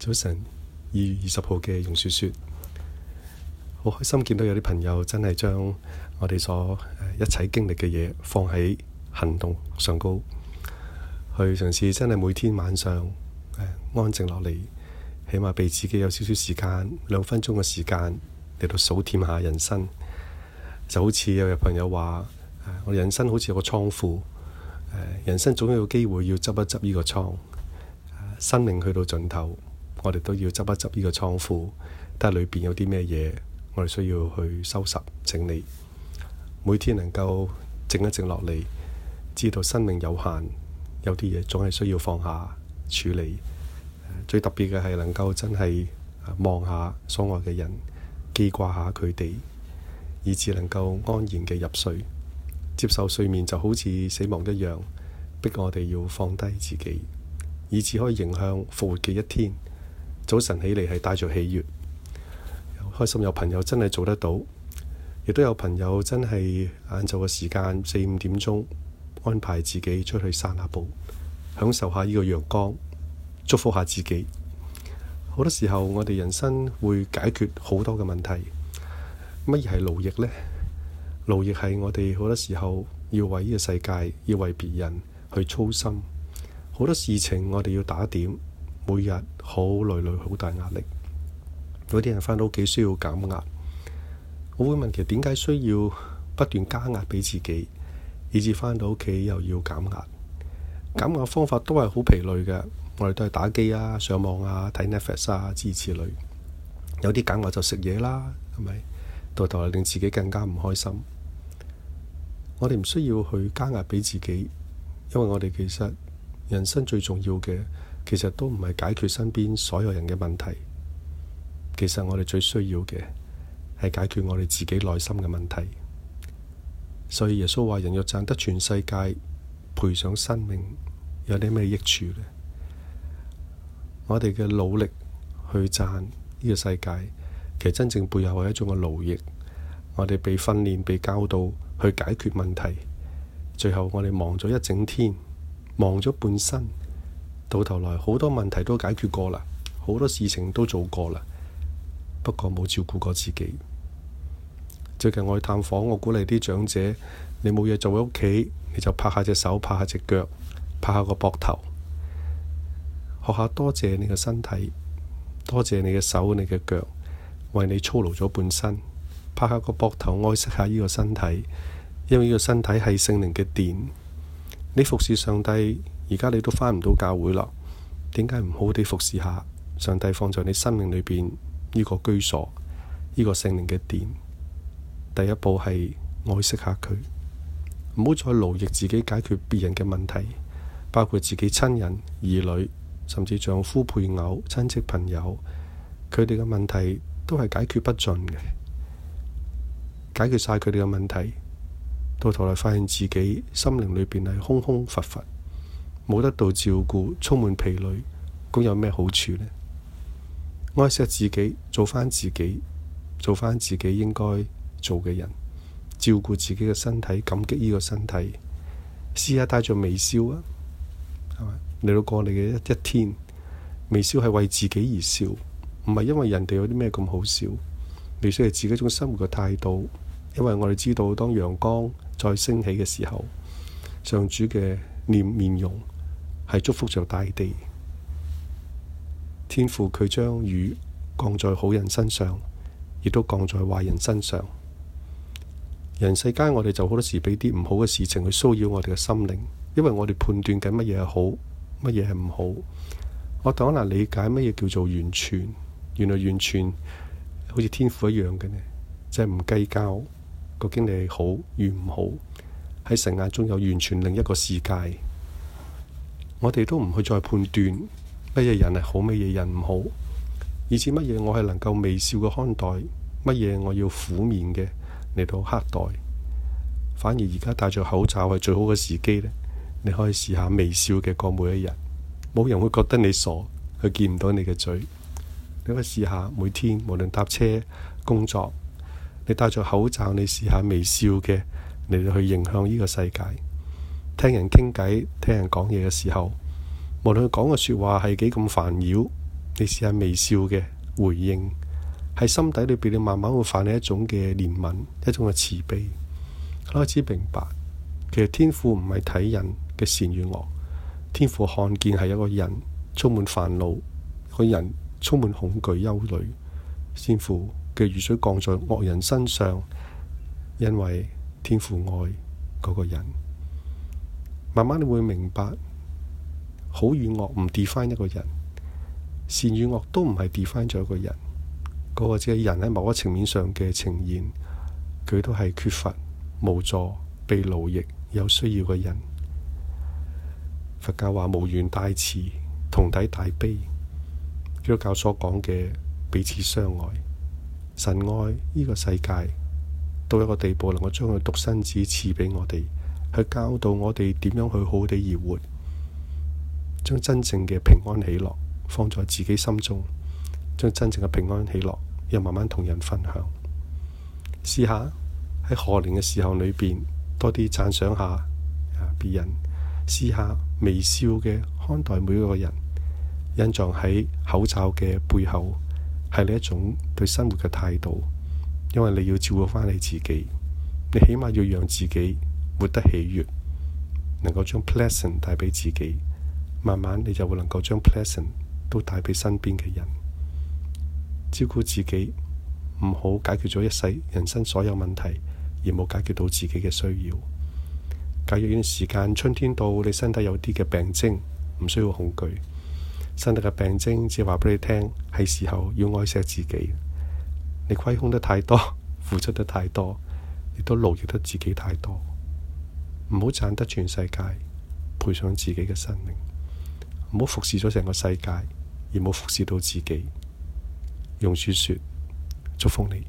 早晨，二月二十號嘅容雪雪，好開心見到有啲朋友真係將我哋所一齊經歷嘅嘢放喺行動上高去嘗試。真係每天晚上安靜落嚟，起碼俾自己有少少時間兩分鐘嘅時間嚟到數點下人生。就好似有日朋友話：我人生好似個倉庫，人生總有個機會要執一執呢個倉。生命去到盡頭。我哋都要執一執呢個倉庫，睇下裏邊有啲咩嘢，我哋需要去收拾整理。每天能夠靜一靜落嚟，知道生命有限，有啲嘢總係需要放下處理。最特別嘅係能夠真係望下所愛嘅人，記掛下佢哋，以至能夠安然嘅入睡。接受睡眠就好似死亡一樣，逼我哋要放低自己，以至可以迎向復活嘅一天。早晨起嚟係帶着喜悅，開心有朋友真係做得到，亦都有朋友真係晏晝嘅時間四五點鐘安排自己出去散下步，享受下呢個陽光，祝福下自己。好多時候我哋人生會解決好多嘅問題，乜嘢係勞役呢？勞役係我哋好多時候要為呢個世界，要為別人去操心，好多事情我哋要打點。每日好累累，好大壓力。有啲人翻到屋企需要減壓，我會問：其實點解需要不斷加壓俾自己，以致翻到屋企又要減壓？減壓方法都係好疲累嘅，我哋都係打機啊、上網啊、睇 Netflix 啊之類。有啲減壓就食嘢啦，係咪？到頭嚟令自己更加唔開心。我哋唔需要去加壓俾自己，因為我哋其實。人生最重要嘅，其實都唔係解決身邊所有人嘅問題。其實我哋最需要嘅係解決我哋自己內心嘅問題。所以耶穌話：人若賺得全世界，賠上生命，有啲咩益處咧？我哋嘅努力去賺呢個世界，其實真正背後係一種嘅勞役。我哋被訓練、被教導去解決問題，最後我哋忙咗一整天。忙咗半生，到頭來好多問題都解決過啦，好多事情都做過啦，不過冇照顧過自己。最近我去探訪，我鼓勵啲長者，你冇嘢做喺屋企，你就拍下隻手，拍下隻腳，拍下個膊頭，學下多謝你嘅身體，多謝你嘅手，你嘅腳，為你操勞咗半身，拍下個膊頭，愛惜下呢個身體，因為呢個身體係聖靈嘅殿。你服侍上帝，而家你都翻唔到教會啦？點解唔好好地服侍下上帝放在你生命裏邊呢個居所呢個聖靈嘅殿？第一步係愛惜下佢，唔好再勞役自己解決別人嘅問題，包括自己親人、兒女，甚至丈夫、配偶、親戚、朋友，佢哋嘅問題都係解決不盡嘅，解決晒佢哋嘅問題。到頭嚟發現自己心靈裏邊係空空乏乏，冇得到照顧，充滿疲累，咁有咩好處呢？愛惜自己，做翻自己，做翻自己應該做嘅人，照顧自己嘅身體，感激呢個身體，試下帶着微笑啊，係咪？你要過你嘅一一天，微笑係為自己而笑，唔係因為人哋有啲咩咁好笑，微笑係自己一種生活嘅態度。因為我哋知道，當陽光再升起嘅時候，上主嘅面面容係祝福着大地。天父佢將雨降在好人身上，亦都降在壞人身上。人世間我哋就好多時俾啲唔好嘅事情去騷擾我哋嘅心靈，因為我哋判斷緊乜嘢係好，乜嘢係唔好。我哋好難理解乜嘢叫做完全。原來完全好似天父一樣嘅咧，即係唔計較。個經歷好與唔好，喺神眼中有完全另一個世界。我哋都唔去再判斷乜嘢人係好，乜嘢人唔好。以至乜嘢我係能夠微笑嘅看待，乜嘢我要苦面嘅嚟到黑待。反而而家戴住口罩係最好嘅時機咧，你可以試下微笑嘅過每一日，冇人會覺得你傻，佢見唔到你嘅嘴。你可以試下每天，無論搭車、工作。你戴著口罩，你試下微笑嘅，嚟去影響呢個世界。聽人傾偈，聽人講嘢嘅時候，無論佢講嘅說話係幾咁煩擾，你試下微笑嘅回應，喺心底裏邊你慢慢會泛起一種嘅憐憫，一種嘅慈悲。開始明白，其實天父唔係睇人嘅善與惡，天父看見係一個人充滿煩惱，個人充滿恐懼、憂慮先父。嘅雨水降在惡人身上，因為天父愛嗰個人。慢慢你會明白，好與惡唔 define 一個人，善與惡都唔係 define 咗一個人。嗰、那個只係人喺某一層面上嘅呈現，佢都係缺乏無助、被奴役、有需要嘅人。佛教話無緣大慈，同體大悲。基督教所講嘅彼此相愛。神愛呢個世界到一個地步，能夠將佢獨生子賜俾我哋，去教導我哋點樣去好好地而活，將真正嘅平安喜樂放在自己心中，將真正嘅平安喜樂又慢慢同人分享。試下喺可憐嘅時候裏邊多啲讚賞下啊別人，試下微笑嘅看待每一個人，隱藏喺口罩嘅背後。係你一種對生活嘅態度，因為你要照顧翻你自己，你起碼要讓自己活得喜悅，能夠將 pleasant 帶俾自己，慢慢你就會能夠將 pleasant 都帶俾身邊嘅人。照顧自己，唔好解決咗一世人生所有問題，而冇解決到自己嘅需要。假如呢段時間春天到，你身體有啲嘅病徵，唔需要恐懼。新得嘅病徵，只係話俾你聽，係時候要愛惜自己。你虧空得太多，付出得太多，亦都勞役得自己太多。唔好賺得全世界，賠上自己嘅生命。唔好服侍咗成個世界，而冇服侍到自己。用樹說：祝福你。